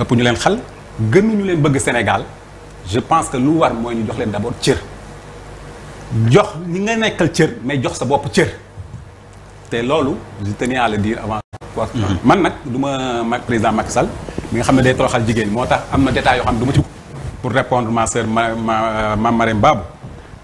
ëpp ñu leen xal ñu leen bëgg Sénégal je pense que lu war mooy ñu jox leen d'abord cër jox ñi nga nekkal cër mais jox sa bopp cër te loolu je tenais à le dire avant. Mm-hmm. man nak du ma président Macky Sall mi nga xam ne day toroxal jigéen moo tax am na détails yoo xam ne du ma ci pour répondre ma sœur ma ma ma Marème Babou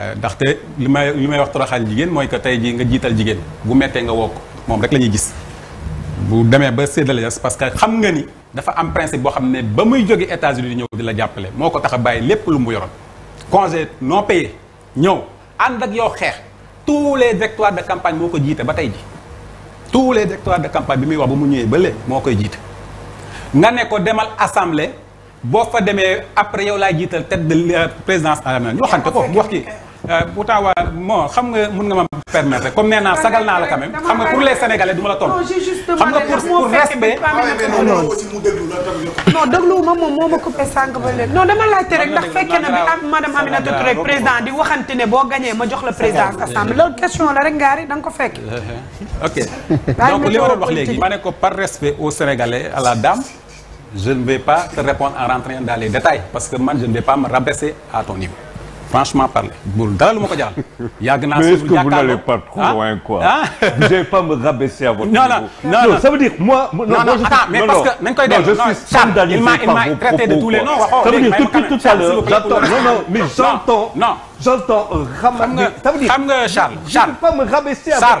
euh, ndaxte li may li may wax toroxal jigéen mooy que tey jii nga jiital jigéen bu mettee nga woo ko moom rek la ñuy gis. bu demee ba séddale yas parce que xam nga ni dafa am principe boo xam ne ba muy jóge États-Unis di ñëw di la jàppale moo ko tax a bàyyi lépp lu mu yoroon congé non payé ñëw ànd ak yow xeex tous les directoires de campagne moo ko jiite ba tey ji tous les directoires de campagne bi muy wax ba mu ñëwee ba léegi moo koy jiite nga ne ko demal assemblée Bon, fa après yow la tête de euh, présidence à la ñu waxante wax euh, pourtant bon xam nga mën nga ma permettre comme néna sagal n'a la quand même xam nga pour les sénégalais la xam nga pour pour respect. Ah, non ba non dama rek ndax na bi Touré président di ne ma jox question la rek ko ok donc li wax ko par respect aux sénégalais à la dame je ne vais pas te répondre en rentrant dans les détails parce que moi, je ne vais pas me rabaisser à ton niveau. Franchement parlé. Mais est-ce que vous n'allez pas trop ah? loin quoi ah? Vous n'allez pas me rabaisser à votre niveau. Non non, non, ça veut dire moi non, non, attends, mais parce que Non, koy Non, je suis scandalisé il m'a traité de tous les noms. Ça veut dire depuis tout à l'heure, j'entends non non, mais j'entends. Non. J'entends euh, Ça veut dire Xam nga Je ne peux pas me rabaisser à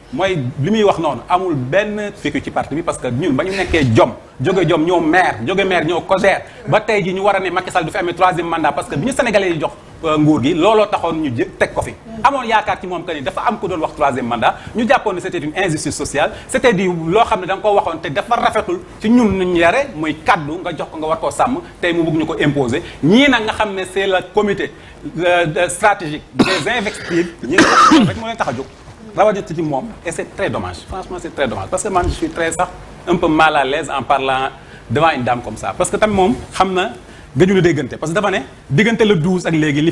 mooy li muy wax noonu amul ben fekku ci parti bi parce que ñun ba ñu nekkee jom jóge jom ñoo maire jóge maire ñoo COJER ba tey ji ñu war a ne Macky Sall du fi amee troisième mandat parce que bi sénégalais yi jox euh, nguur gi looloo taxoon ñu jë teg ko fi amoon yaakaar ci mom que ni dafa am ko doon wax 3 troisième mandat ñu jappone c'était une injustice sociale c'était di loo xam ne da nga ko waxoon te dafa rafetul ci ñun ñu yaré moy kaddu nga jox ko nga war koo sàmm tey mu bëgg ñuko imposer ñi nak nga xamné c'est le comité stratégique des investitures ñi rek mo leen tax a et c'est très dommage franchement c'est très dommage parce que moi je suis très un peu mal à l'aise en parlant devant une dame comme ça parce que tamit moom en train de nous parce que d'abord, ne le 12 ak léegi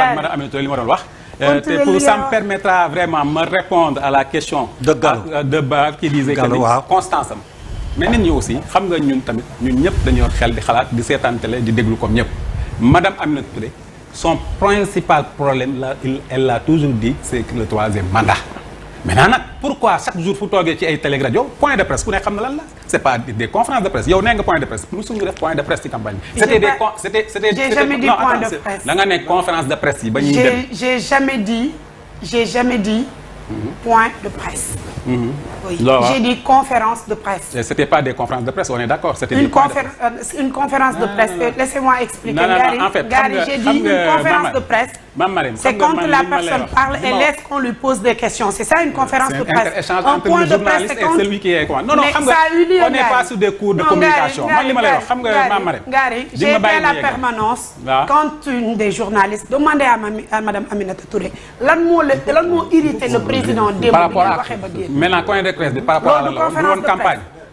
madame pour ça me permettra vraiment me répondre à la question. de Bâle qui disait que constance mais nous aussi nous nga que nous ñun tous dañoo xel di xalaat di comme madame Aminata son principal problème là elle l'a toujours dit c'est que le troisième mandat. Mais pourquoi chaque jour fu toogee ci ay télé point de presse vous ne lan pas des conférences de presse Il y a un point de presse sommes def points de presse ci campagne c'était des c'était, c'était. presse. jamais dit point de presse nga conférence de presse j'ai jamais dit j'ai jamais dit. point de presse. Mhm. j'ai dit conférence de presse. c'était pas des conférences de presse on est d'accord c'était une conférence euh, une conférence de presse laissez-moi expliquer. en fait Gary j'ai dit une conférence de presse. C'est quand la personne parle et laisse qu'on lui pose des questions. C'est ça une conférence de presse. Un point de presse, c'est quand... celui qui est quoi. Non, non, on n'est pas sous des cours de communication. J'ai fait à la permanence quand une des journalistes demandait à Mme Aminata Touré lan le irrité le président de par rapport à maintenant conférence de presse de par rapport à la campagne.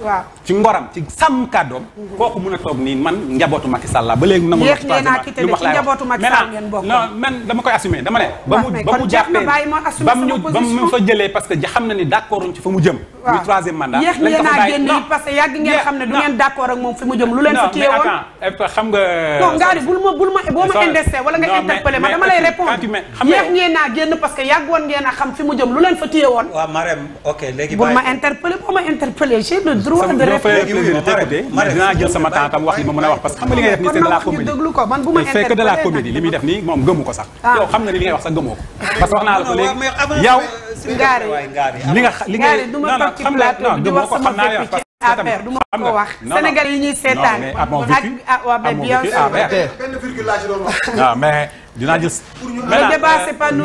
waaw ci ngoram ci sàmm kàddoom kooku mën a toog nii man njabootu Macky Sall la ba léegi nangu wax lu wax laay wax maintenant non man dama koy assumé dama ne ba mu ba mu jàppee ba mu ba mu fa jëlee parce que xam na ni d'accord ci fa mu jëm lu troisième mandat yéex ngeen a génn parce que yàgg ngeen xam ne du ngeen d'accord ak moom fi mu jëm lu leen fa téye woon eh, xam nga non ngaari euh, bul ma bul ma boo ma indesté wala nga interpellé ma dama lay répondre yéex ngeen a génn parce que yàgg woon ngeen a xam fi mu jëm lu leen fa téye woon waaw Marème ok léegi bul ma interpellé boo ma interpellé droit de réplique mais dinaa jël sama temps wax li ma mën a wax parce xam nga li ngay def nii c'est de la comédie c'est que de la comédie li muy def nii moom gëmu ko sax ah. xam nga li ngay wax sax gëmoo ko parce que wax naa la ko léegi nga li nga xam la non gëmoo xam naa wax Sénégal yi ñuy seetaan ah, ak waa ah, bien sûr mais dinaa jël mais le débat euh, c'est pas nous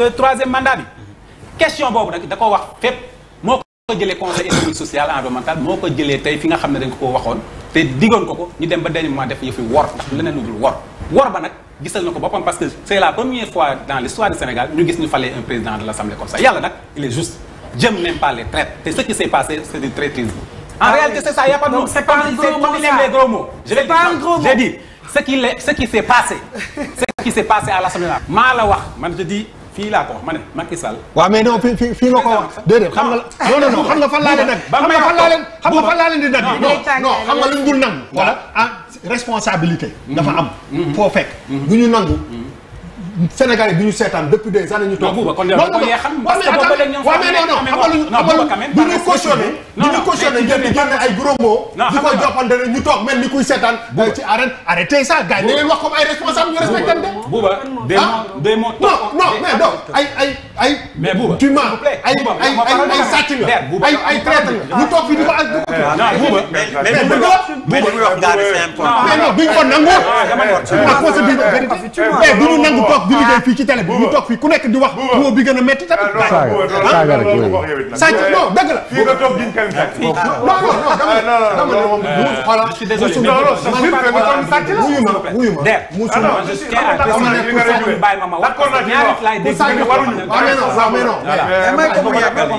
Euh, troisième mandat question boobu nag da ko wax fépp moo ko conseil économique social environnemental je ko jëlee fi nga xam ne dañ ko ko waxoon te diggoon ko ko ñu dem ba dernier def yëfi wor ndax leneen wor wor ba parce que c'est la première fois dans l'histoire du Sénégal ñu gis ñu fallait un président de l'Assemblée comme ça il est juste je même pas les traites te ce qui s'est passé c'est du traîtrisme en ah réalité c'est ça y a pas de mot c'est pas un gros mot gros je l'ai dit ce qui ce qui s'est passé ce qui s'est passé à l'Assemblée nationale. la wax man je dis fii laa ko wax ma ne Macky Sall. waaw mais non fii fii fii nga ko wax déedéet xam nga. non xam nga fan laa laa leen di nag. non xam nga luñ dul nangu. wala ah responsabilité. dafa am. Mhm. foo fekk. Mhm. ñu nangu. Mhm. Sénégal yi du ñu seetaan depuis des années ñu toog. non kon yàlla boo xam parce que boobu xam nga di ko joppante ñu ci arène arrêtez ça gars yi. wax comme ay responsable ñu respecté Bouba. ah non non mais donc ay ay mais Bouba tu mens ay ay ay sàcc nga ay ay traître nga ñu toog fii di ko ak dugg. non Bouba mais mais Bouba mais li muy wax daal c'est important. mais non duñ ko nangu. ak fausse bi mais duñu nangu toog di liggéey fii ci télé bi ñu toog fii ku nekk di wax moo bi gën a métti tamit. saaga rek sàcc non dëgg la. fii nga toog diñ kan sàcc. non non dama ne dama ne moom voilà. je suis désolé mais non non non non non mais non. may ko mu yeggali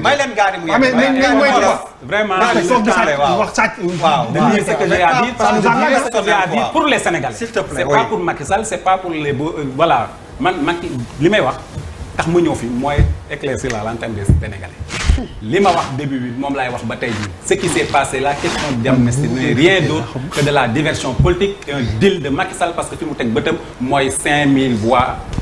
may ko mais mais vraiment C'est sàcc. c'est que j'ai à dire c'est que j'ai à dire pour les Sénégalais. c'est pas pour Macky Sall c'est pas pour les voilà man Macky li may wax tax ma ñëw fi mooy éclaircir la l'antenne des Sénégalais. li wax début bi moom laay wax ba ce qui s'est passé la question d'amnistie rien d'autre que de la diversion politique un deal de Macky Sall parce que fi mu teg bëtam mooy 5000 voix.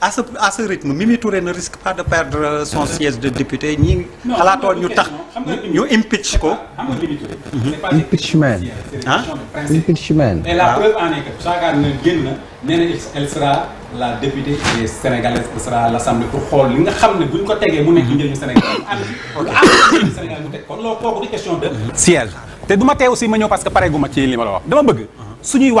à ce à ce rythme Mimi Touré ne risque pas de perdre son siège de député ñi xalaatoon ñu tax ñu impeach ko. Mhm. impeachment. ah impeachment. et la preuve en est que la députée des xool li nga xam ne bu ñu ko tegee mu nekk njëriñu Sénégal am na njëriñu Sénégal mu teg kon loolu kooku du question siège te du ma tee ma ñëw parce que pare gu ma ci li la wax dama bëgg. Uh-huh. suñuy yi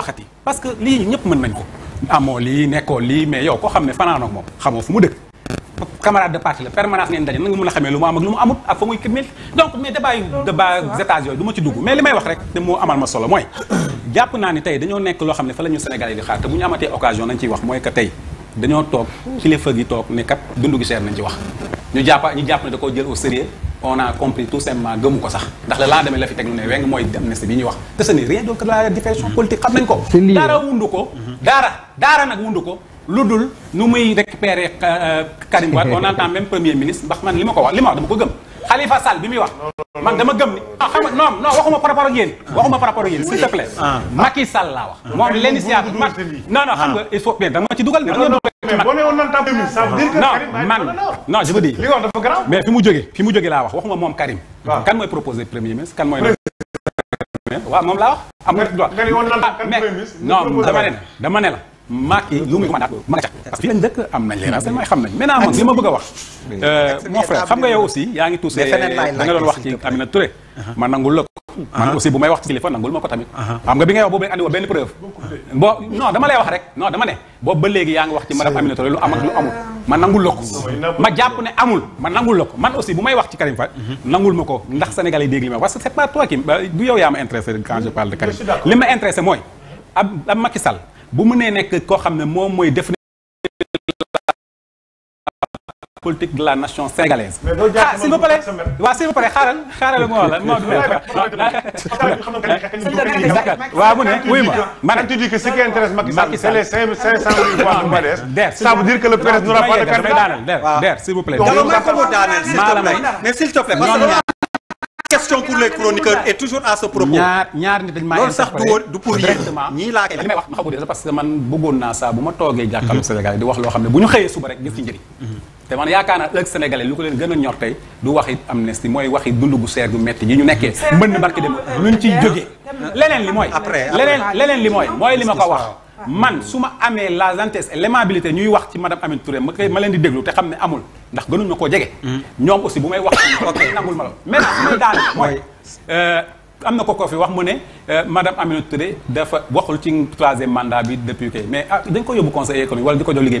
parce que lii ñëpp mën nañ ko. amoo lii nekkoo lii mais yow koo xam ne fanaan ak moom xamoo fu mu dëkk camarade de parti la permanence ngeen daje nan nga a xamee lu mu amut ak fa muy mil donc mais dañoo nekk loo xam ne fa la Sénégal yi di xaar te bu ñu amatee occasion nañ ci wax ñu jàpp ñu jàpp jël au sérieux a compris tout simplement gëmu ko sax ndax la laa demee la fi teg lu ne weng mooy amnistie bi ñuy wax te ce rien d'autre que la diversion politique xam nañ ko dara wundu daara daara nag wundu ko lu dul nu muy récupérer euh, Karim Wade on entend même premier ministre ndax man li ma ko wax li ma wax dama ko gëm Khalifa Sall bi muy wax man dama gëm ni ah xam waxuma par rapport ak waxuma par rapport ak yéen s'il te plaît ah. Macky laa wax ah. moom l'initiative man non non xam nga il faut bien danga ma ci dugal ne man non je mais fi mu jóge fi mu jóge laa wax waxuma moom Karim kan mooy proposer premier ministre kan mooy waaw moom laa wax. am nga droit ah, non dama ne dama ne maak yi lu muy commandant ma nga ca parce que fii lañ dëkk am nañ leen renseignement xam nañ maintenant man li ma bëgg a wax. Euh, mon frère xam nga yow aussi yaa ngi tuuse da nga doon wax ci Amina Touré uh-huh. ma nangul la man aussi bu may wax ci téléphone nangul ma ko tamit xam nga bi ngay wax boobu andi woo benn preuve bon non dama lay wax rek non dama ne boobu ba léegi yaa ngi wax ci madame Aminata lu am lu amul ma nangul la ma jàpp ne amul ma nangul la man aussi bu may wax ci Karim Wade mhm. nangul ma ko ndax sénégalais yi dégg ma parce que c'est pas toi qui du yaa ma intéressé mooy ab ab Macky Sall bu mënee nekk koo xam ne moom mooy def politique de la nation sénégalaise. Ah, s'il vous plaît s'il vous plaît tu dis que ce qui intéresse Macky c'est les ça veut dire que le n'aura pas de mais s'il te plaît question pour les chroniqueurs est toujours à ce propos. te man yaakaar naa ëllëg sénégalais lu ko leen gën a ñor tey du waxi amnistie mooy waxi dund gu seer gu metti yi ñu nekkee mën na barki dem luñ ciy jógee leneen li mooy leneen leneen li mooy mooy li ma ko wax man su ma amee la gentillesse et l'aimabilité ñuy wax ci madame Amine Touré ma koy ma leen di déglu te xam ne amul ndax gënuñ ma koo jege hmm. ñoom aussi bu may wax nangul ma lool daal mooy euh, am na ko ko fi wax mu ne euh, madame Aminata Touré dafa waxul ci troisième mandat bi depuis que mais ah dañ ko yóbbu conseil économique wala di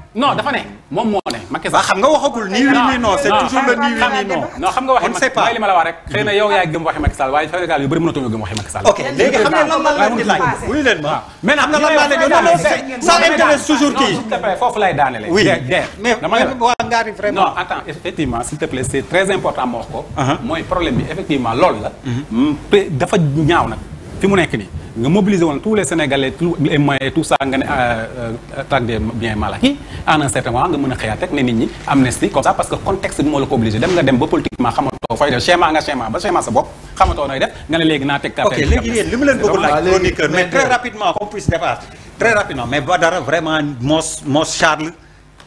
non dafa ne mom mo ne Macky Sall xam nga waxagul ni ni nii non c'est toujours le ni ni nii non non xam nga waxe mooy li ma la wax rek xeyna yow yaa gëm waxe Macky Sall waye Sénégal yu bari mëna mënatuñu gëm waxe Macky Sall ok légui xam nga lan la leen di laaj wuyu len ma mais xam nga lan la leen di laaj ça intéresse toujours s'il te plaît fofu lay lé oui mais nga ngaari vraiment non attends effectivement s'il te plaît c'est très important mo ko moy problème bi effectivement lool la dafa ñaaw nak fi mu nekk ni nga mobiliser tous les Sénégalais tous les moyens tout ça nga ne euh, euh, traque des mal en un certain moment nga mën a xëyaat rek nit ñi amnistie comme ça parce que contexte bi la ko obligé dem nga dem ba politiquement xamato fay def schéma nga schéma ba schéma sa bopp xamato nooy def nga ne léegi naa teg carte ok légui yéen li mu leen bëgg laaj chroniqueur mais très rapidement qu'on puisse dépasser très rapidement mais Badara vraiment Mos Mos Charles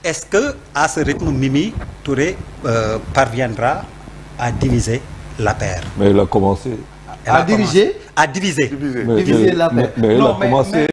est-ce que à ce rythme Mimi Touré euh, parviendra à diviser la paire mais il a commencé à diriger à diviser. diviser.